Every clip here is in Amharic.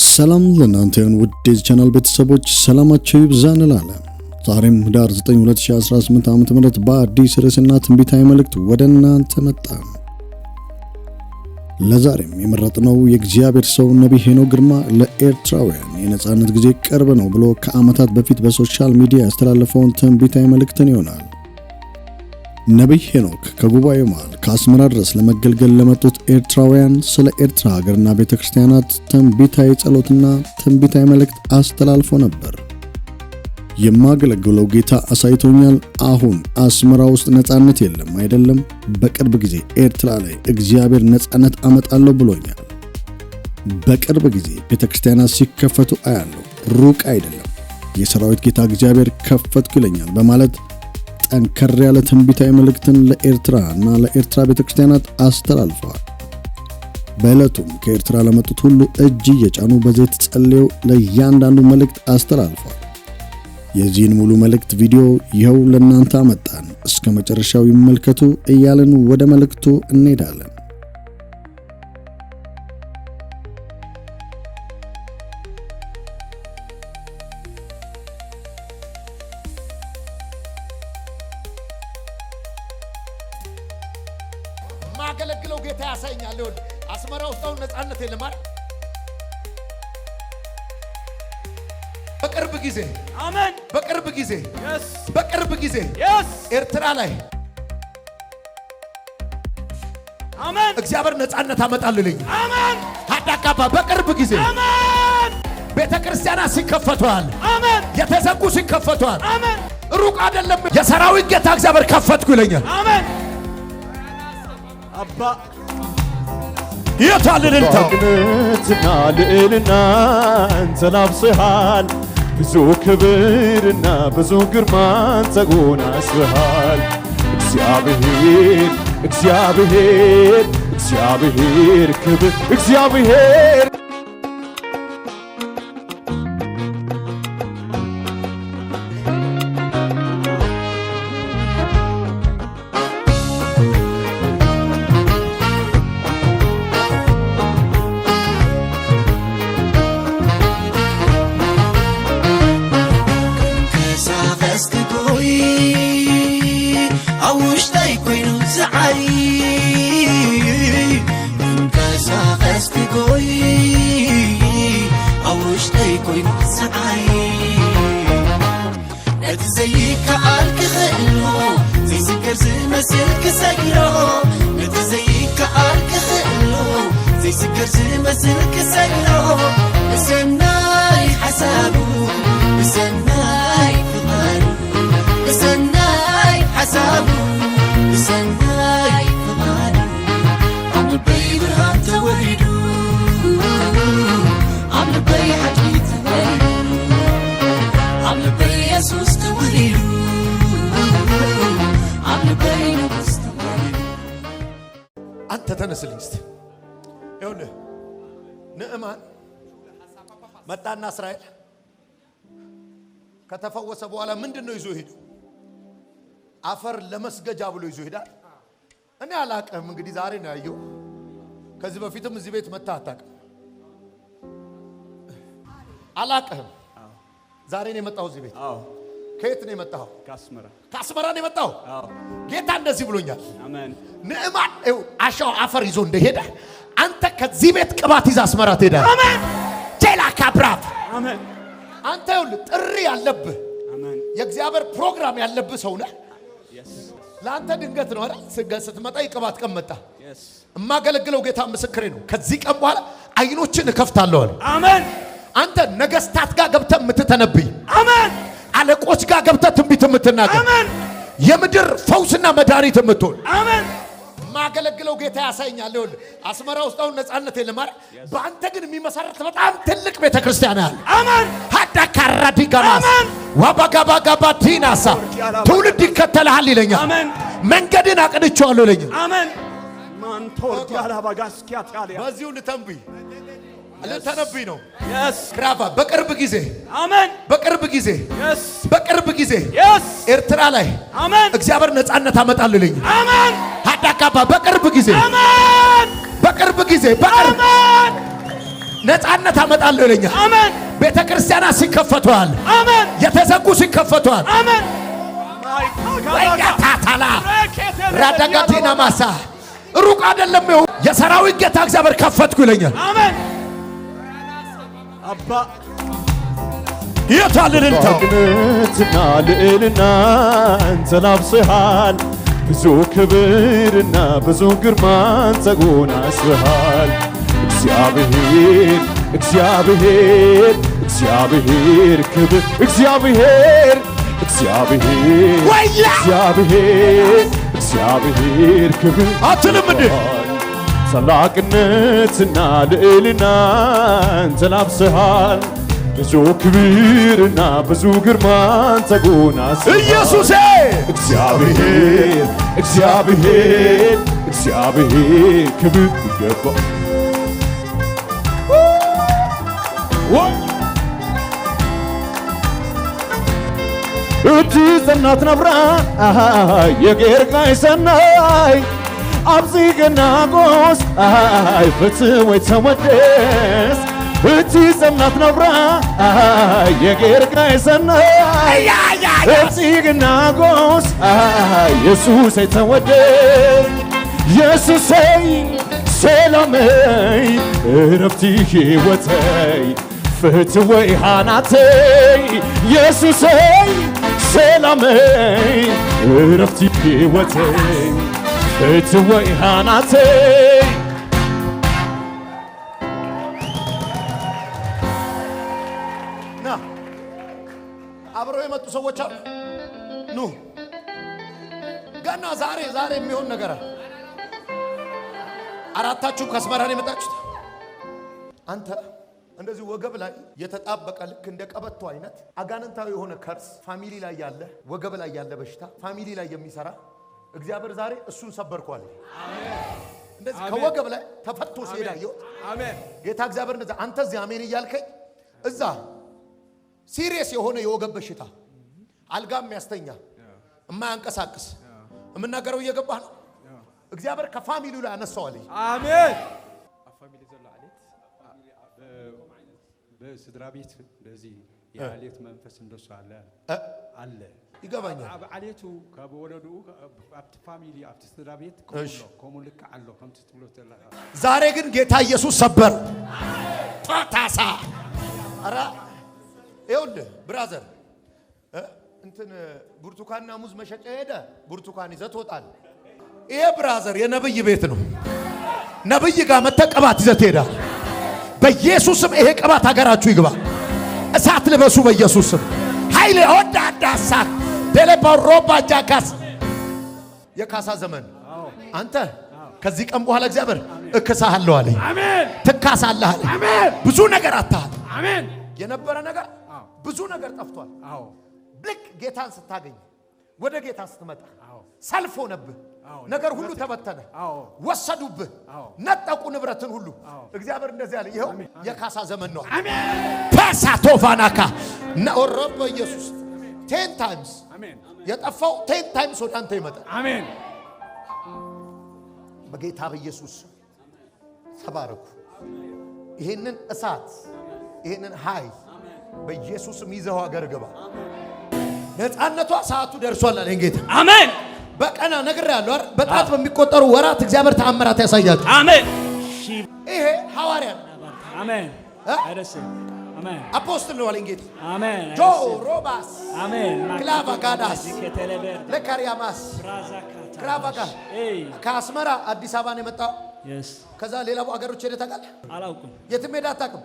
ሰላም ለእናንተ ይሁን ውድ የዚህ ቻናል ቤተሰቦች ሰላማቸው ይብዛ እንላለን። ዛሬም ህዳር 9 2018 ዓ.ም በአዲስ ርዕስና ትንቢታዊ መልእክት ወደ እናንተ መጣ። ለዛሬም የመረጥነው የእግዚአብሔር ሰው ነቢይ ሄኖክ ግርማ ለኤርትራውያን የነፃነት ጊዜ ቅርብ ነው ብሎ ከዓመታት በፊት በሶሻል ሚዲያ ያስተላለፈውን ትንቢታዊ መልእክትን ይሆናል። ነቢይ ሄኖክ ከጉባኤ መሃል ከአስመራ ድረስ ለመገልገል ለመጡት ኤርትራውያን ስለ ኤርትራ ሀገርና ቤተ ክርስቲያናት ትንቢታዊ ጸሎትና ትንቢታዊ መልእክት አስተላልፎ ነበር። የማገለግለው ጌታ አሳይቶኛል። አሁን አስመራ ውስጥ ነፃነት የለም አይደለም። በቅርብ ጊዜ ኤርትራ ላይ እግዚአብሔር ነፃነት አመጣለሁ ብሎኛል። በቅርብ ጊዜ ቤተ ክርስቲያናት ሲከፈቱ አያለሁ። ሩቅ አይደለም። የሰራዊት ጌታ እግዚአብሔር ከፈትኩ ይለኛል በማለት ጠንከር ያለ ትንቢታዊ መልእክትን ለኤርትራ እና ለኤርትራ ቤተ ክርስቲያናት አስተላልፈዋል። በዕለቱም ከኤርትራ ለመጡት ሁሉ እጅ እየጫኑ በዘይት ጸልየው ለእያንዳንዱ መልእክት አስተላልፈዋል። የዚህን ሙሉ መልእክት ቪዲዮ ይኸው ለእናንተ አመጣን። እስከ መጨረሻው ይመልከቱ እያልን ወደ መልእክቱ እንሄዳለን። እንዳገለግለው ጌታ ያሳየኛል። ይሁን አስመራ ውስጥ አሁን ነጻነት የለም በቅርብ ጊዜ አሜን። በቅርብ ጊዜ በቅርብ ጊዜ ኤርትራ ላይ አሜን። እግዚአብሔር ነጻነት አመጣልልኝ። አሜን። አዳካባ በቅርብ ጊዜ አሜን። ቤተ ክርስቲያናት ሲከፈቷል። አሜን። የተዘጉ ሲከፈቷል። አሜን። ሩቅ አይደለም። የሰራዊት ጌታ እግዚአብሔር ከፈትኩ ይለኛል። አሜን። አባ የታል እልልታው ዳግነትና ልዕልና እንተላብሰሃል ብዙ ክብርና ብዙ ግርማን ተጎናጽፈሃል። እግዚአብሔር እግዚአብሔር እግዚአብሔር ክብር እግዚአብሔር زيك عالك خلو زي سكر زي ما سلك سجرو نت زيك عالك خلو زي سكر زي ما سلك سجرو بسناي حسابو بسناي فضارو بسناي حسابو بسناي فضارو عم البي برهان توريدو عم البي حكي توريدو عم البي يسوس توريدو አንተ ተነስልኝ እስቲ ይኸውልህ ንዕማን መጣና እስራኤል ከተፈወሰ በኋላ ምንድን ነው ይዞ ሄደው አፈር ለመስገጃ ብሎ ይዞ ሄዳል። እኔ አላቅም እንግዲህ ዛሬ ነው ያየው። ከዚህ በፊትም እዚህ ቤት መታ አታቅም። አላቅህም። ዛሬ ነው የመጣው እዚህ ቤት ከየት ነው የመጣው? ከአስመራ ነው የመጣው። ጌታ እንደዚህ ብሎኛል። አሜን። ንዕማን አሻው አፈር ይዞ እንደሄደ አንተ ከዚህ ቤት ቅባት ይዘህ አስመራ ትሄዳለህ። አሜን። ቴላ ካብራፍ አሜን። አንተ ይኸውልህ ጥሪ ያለብህ የእግዚአብሔር ፕሮግራም ያለብህ ሰው ነህ። ለአንተ ድንገት ነው አይደል? ስትመጣ የቅባት ቀን መጣ። እማገለግለው ጌታ ምስክሬ ነው። ከዚህ ቀን በኋላ አይኖችን እከፍታለሁ አለ። አሜን። አንተ ነገስታት ጋር ገብተህ የምትተነብይ አሜን አለቆች ጋር ገብተህ ትንቢት የምትናገር የምድር ፈውስና መድኃኒት የምትሆን ማገለግለው ጌታ ያሳይኛል። ይሁን አስመራ ውስጥ አሁን ነጻነት የለም አይደል? በአንተ ግን የሚመሰረት በጣም ትልቅ ቤተ ክርስቲያን ያለ አሜን። ሀዳ ካራዲ ጋማስ ዋባጋባ ጋባ ዲናሳ ትውልድ ይከተልሃል ይለኛል። መንገድን አቅንቼዋለሁ ይለኛል። አሜን ማንቶር ያላባጋስኪያ ታሊያ በዚሁ ልተንብይ ልተነብኝ ነው። ራፋ በቅርብ ጊዜ አሜን። በቅርብ ጊዜ በቅርብ ጊዜ ኤርትራ ላይ አሜን። እግዚአብሔር ነጻነት አመጣል ልኝ አሜን። ሀዳካባ በቅርብ ጊዜ አሜን። በቅርብ ጊዜ በቅርብ ነጻነት አመጣለሁ ይለኛል። አሜን። ቤተ ክርስቲያናት ሲከፈቷል። አሜን። የተዘጉ ሲከፈቷል። አሜን። ወይጋታታላ ራዳጋቲና ማሳ ሩቅ አይደለም። የሰራዊት ጌታ እግዚአብሔር ከፈትኩ ይለኛል። አሜን። አባ የታል እልልታው ግነትና ልዕልና እንተላብሰሃል ብዙ ክብርና ብዙ ግርማን ተጎናጽፈሃል። እግዚአብሔር እግዚአብሔር እግዚአብሔር ክብር እግዚአብሔር እግዚአብሔር እግዚአብሔር እግዚአብሔር ክብር አትልም እንዴ ታላቅነትና ልዕልና ተላብሰሃል ብዙ ክብርና ብዙ ግርማን ተጎናስ ኢየሱሴ እግዚአብሔር እግዚአብሔር እግዚአብሔር ክብር ይገባ እጅ ጸናት ነብራ የጌርቃይ ሰናይ አብዚገናቆስ አይ ፍትወይ ተወደስ ብቲ ሰምናት ነብራ አይ የጌርጋይ ሰና አብዚገናቆስ የሱሰይ ተወደስ የሱሰይ ሰላመይ እረፍቲ ሃናተይ የሱሰይ ሰላመይ እረፍቲ እትወይ ሃናቴ ና አብረው የመጡ ሰዎች አሉ። ኑ ገና ዛሬ ዛሬ የሚሆን ነገር አራታችሁም ከአስመራን የመጣችሁት አንተ እንደዚህ ወገብ ላይ የተጣበቀ ልክ እንደ ቀበቶ አይነት አጋንንታዊ የሆነ ከርስ ፋሚሊ ላይ ያለ ወገብ ላይ ያለ በሽታ ፋሚሊ ላይ የሚሰራ እግዚአብሔር ዛሬ እሱን ሰበርኳል። እንደዚህ ከወገብ ላይ ተፈቶ ሲሄድ አየሁት። ጌታ እግዚአብሔር እንደዛ አንተ እዚህ አሜን እያልከኝ እዛ ሲሪየስ የሆነ የወገብ በሽታ አልጋ የሚያስተኛ የማያንቀሳቅስ የምናገረው እየገባህ ነው። እግዚአብሔር ከፋሚሊው ላይ አነሳዋል። አሜን። በስድራ ቤት እንደዚህ የአሌት መንፈስ እንደሱ አለ አለ ይገባኛል። አሌቱ ከወለዱ ፋሚሊ ስራ ቤት ትብሎ አለው ዛሬ ግን ጌታ ኢየሱስ ሰበር ጣታሳ አራ ይኸውልህ ብራዘር እንትን ብርቱካንና ሙዝ መሸጫ ሄደ ብርቱካን ይዘት ወጣል። ይሄ ብራዘር የነብይ ቤት ነው። ነብይ ጋር መተህ ቅባት ይዘህ ትሄዳለህ። በኢየሱስም ይሄ ቅባት ሀገራችሁ ይግባ። እሳት ልበሱ በኢየሱስም ኃይል ወዳ ቴሌፓሮባ የካሳ ዘመን አንተ ከዚህ ቀን በኋላ እግዚአብሔር እክሳሃለሁ አለኝ። አሜን። ትካሳለህ አለኝ። ብዙ ነገር አታሃል። የነበረ ነገር ብዙ ነገር ጠፍቷል። አዎ። ልክ ጌታን ስታገኝ ወደ ጌታ ስትመጣ ሰልፍ ሆነብህ። ነገር ሁሉ ተበተነ። ወሰዱብህ፣ ነጠቁ ንብረትን ሁሉ። እግዚአብሔር እንደዚህ አለ፣ ይኸው የካሳ ዘመን ነው። አሜን። ፓሳ ቶፋናካ ቴን ታይምስ የጠፋው ቴን ታይምስ ወደ አንተ ይመጣል። አሜን። በጌታ በኢየሱስ ተባረኩ። ይህንን እሳት ይህንን ሀይ በኢየሱስም ይዘው ሀገር ግባ። ነፃነቷ ሰዓቱ ደርሷል አለኝ ጌታ። አሜን። በቀና ነገር ያለው በጣት በሚቆጠሩ ወራት እግዚአብሔር ተአምራት ያሳያል። አሜን። ይሄ ሐዋርያ አሜን። አፖስትል ነው አለኝ ጌታ። ጆ ሮባስ ክላቫ ጋዳስ ለካሪያማስ ክላቫ ከአስመራ አዲስ አበባ ነው የመጣው። ከዛ ሌላ ሀገሮች ሄደህ ታውቃለህ? አላውቅም። የትም ሄደህ አታውቅም?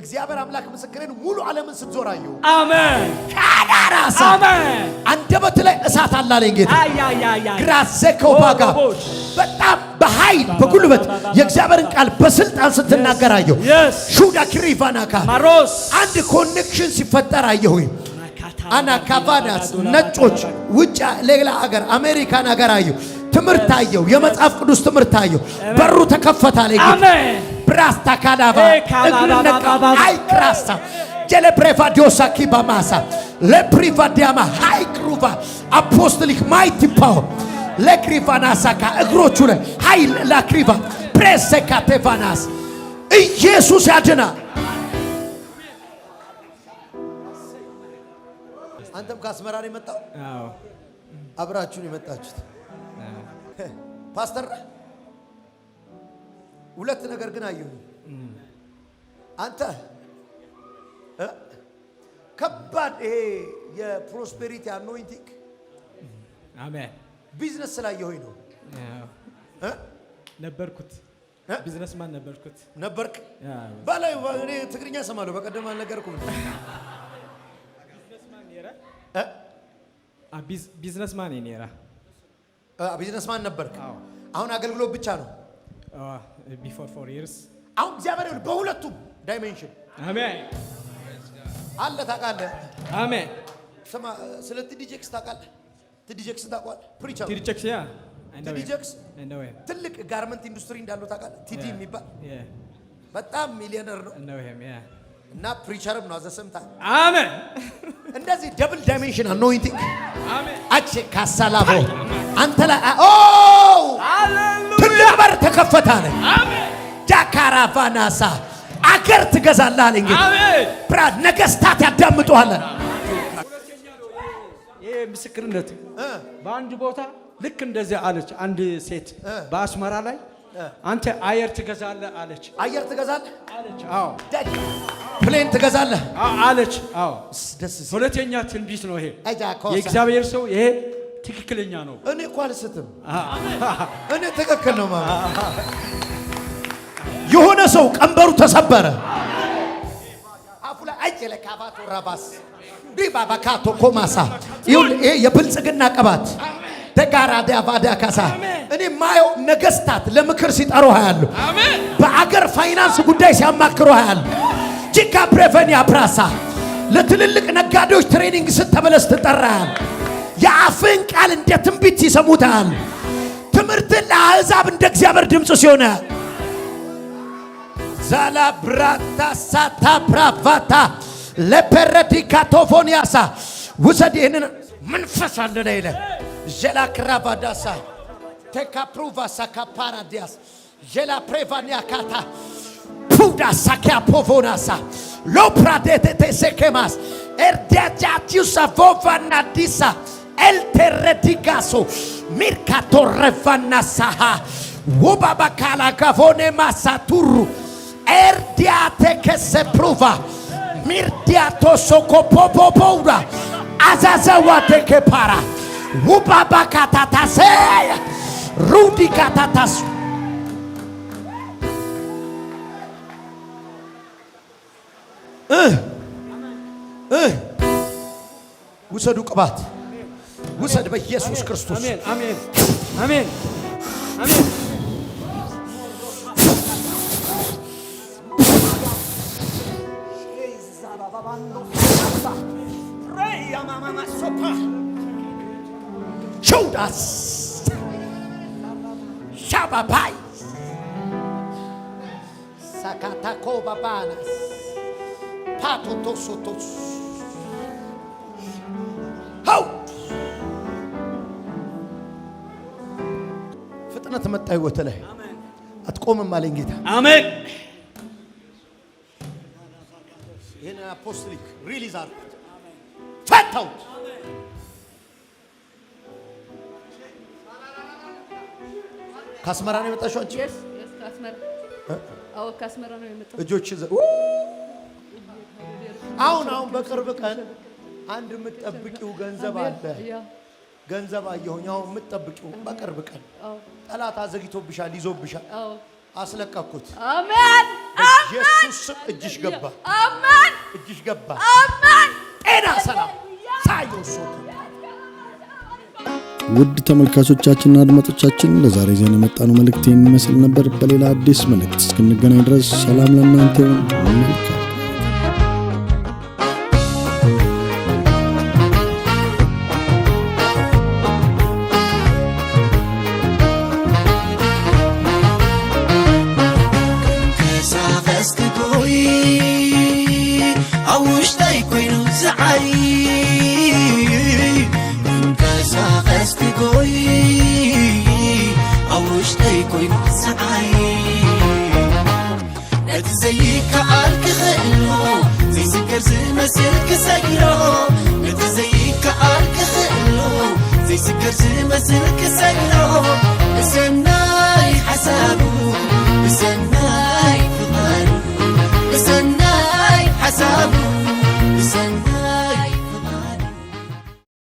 እግዚአብሔር አምላክ ምስክሬን ሙሉ ዓለምን ስትዞር አየሁ። አሜን ካዳራሳ አሜን። አንደበት ላይ እሳት አላለኝ ጌታ ባጋ በጣም በኃይል በጉልበት የእግዚአብሔርን ቃል በስልጣን ስትናገር አየሁ። ሹዳ ክሪቫናካ ማሮስ አንድ ኮኔክሽን ሲፈጠር አየሁኝ። አናካቫናስ ነጮች ውጭ ሌላ ሀገር አሜሪካን አገር አየሁ። ትምህርት አየሁ። የመጽሐፍ ቅዱስ ትምህርት አየሁ። በሩ ተከፈታ ላይ ብራስታ ካዳባ እግርነቃ አይክራሳ ጀለብሬቫዲዮሳ ኪባማሳ ለፕሪቫዲያማ ሃይክሩቫ አፖስትሊክ ማይቲ ፓወር ለክሪቫናሳካ እግሮቹ ላይ ኃይል ላክሪቫ ፕሬሰካ ቴቫናስ ኢየሱስ ያድና። አንተም ከአስመራ ነው የመጣው፣ አብራችሁን የመጣችሁት ፓስተር ሁለት ነገር ግን አየሁ። አንተ ከባድ ይሄ የፕሮስፔሪቲ አኖይንቲንግ አሜን። ቢዝነስ ስላየሁኝ ነው። ነበርኩት ቢዝነስ ማን ነበርኩት ነበርክ ባላይ እኔ ትግርኛ ሰማለሁ። በቀደም አልነገርኩም። ቢዝነስማን ቢዝነስማን ነበርክ። አሁን አገልግሎት ብቻ ነው ቢፎር ፎር ይርስ አሁን እግዚአብሔር በሁለቱም ዳይሜንሽን አሜን አለ። ታውቃለህ? አሜን። ስማ፣ uh, ስለ ቲዲጄክስ ታውቃለህ? ቲዲጄክስ ታውቃለህ? ፕሪቸር ቲዲጄክስ ያ ቲዲጄክስ ትልቅ ጋርመንት ኢንዱስትሪ እንዳለው ታውቃለህ? ቲዲ የሚባል በጣም ሚሊዮነር ነው እና ፕሪቸርም ነው። አዘሰምታ አሜን። እንደዚህ ደብል ዳይሜንሽን አኖይንቲንግ አሜን። አቼ ካሳላቦ አንተ ላይ ኦ ሃሌሉያ የሁላ በር ተከፈተ አለ። ዳካራቫናሳ አገር ትገዛለህ አለ። ብራድ ነገስታት ያዳምጡሃል። ይሄ ምስክርነት በአንድ ቦታ ልክ እንደዚህ አለች። አንድ ሴት በአስመራ ላይ አንተ አየር ትገዛለህ አለች። አየር ትገዛለህ አለች። አዎ ፕሌን ትገዛለህ አለች። አዎ ሁለተኛ ትንቢት ነው ይሄ የእግዚአብሔር ሰው ይሄ ትክክለኛ ነው። እኔ እኮ አልስትም። እኔ ትክክል ነው ማለት የሆነ ሰው ቀንበሩ ተሰበረ። አፉ ላይ አየለ ካባቶ ራባስ ዲባባ ኮማሳ ይሄ የብልጽግና ቅባት ደጋራ ዲያባዳ ካሳ እኔ ማየው ነገስታት ለምክር ሲጠሩ ያሉ በአገር ፋይናንስ ጉዳይ ሲያማክሩ ያሉ ጂካ ፕሬቨኒያ ፕራሳ ለትልልቅ ነጋዴዎች ትሬኒንግ ስትመለስ ትጠራሃል። የአፍን ቃል እንደ ትንቢት ይሰሙታል። ትምህርትን ለአሕዛብ እንደ እግዚአብሔር ድምፅ ሲሆነ ዛላ ብራታ ሳታ ብራቫታ ለፐረዲካቶፎንያሳ ውሰድ ይህንን መንፈስ አለ አንደነ ይለ ጀላክራቫዳሳ ቴካፕሩቫሳ ካፓራዲያስ ጀላ ፕሬቫኒያካታ ፑዳሳ ሎፕራዴቴቴ ሴኬማስ ኤርዲያጃቲዩሳ ቮቫናዲሳ ኤልቴረዲጋሶ ሚርካቶ ረቫናሳሃ ውባባካላ ጋቮኔ ማሳቱሩ ኤርዲያቴ ከሰፕሩቫ ሚርዲያቶ ሶኮፖፖፖውራ አዛዛዋቴኬፓራ ውባባካታታሴያ ሩዲካታታሱ ውሰዱ ቅባት Úsa-te para Jesus Cristo. Amém. Amém. Amém. Amém. Judas. Shababai. Sacatacou babanas. Papo tosso tosso. መጣ ህይወት ላይ አትቆምም አለኝ ጌታ። አሜን። ይህን አፖስትሊክ ሪሊዝ አድርጉት፣ ፈታሁት። ከአስመራ ነው የመጣሽው አንቺ? እጆች አሁን አሁን በቅርብ ቀን አንድ የምትጠብቂው ገንዘብ አለ ገንዘብ አየሁኝ። አሁን የምትጠብቂው በቅርብ ቀን ጠላት አዘግቶብሻል፣ ይዞብሻል። አስለቀኩት። አሜን። ኢየሱስ እጅሽ ገባ። አሜን። እጅሽ ገባ። አሜን። ጤና፣ ሰላም ሳየው ሶቱ ውድ ተመልካቾቻችንና አድማጮቻችን ለዛሬ ዜና መጣነው መልእክት የሚመስል ነበር። በሌላ አዲስ መልእክት እስክንገናኝ ድረስ ሰላም ለእናንተ ይሁን። መልካም